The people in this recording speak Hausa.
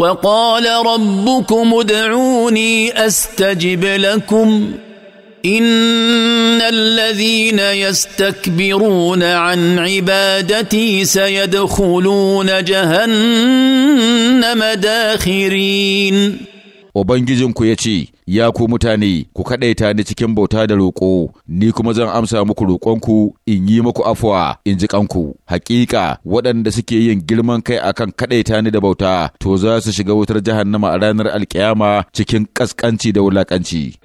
وقال ربكم ادعوني استجب لكم ان الذين يستكبرون عن عبادتي سيدخلون جهنم داخرين Ubangijinku ya ce, Ya ku mutane, ku kaɗaita ni cikin bauta da roƙo, ni kuma zan amsa muku roƙonku in yi muku afuwa in ji kanku. Hakika waɗanda suke yin girman kai akan kaɗaita ni da bauta, to za su shiga wutar jahannama a ranar alkiyama cikin ƙasƙanci da wulaƙanci.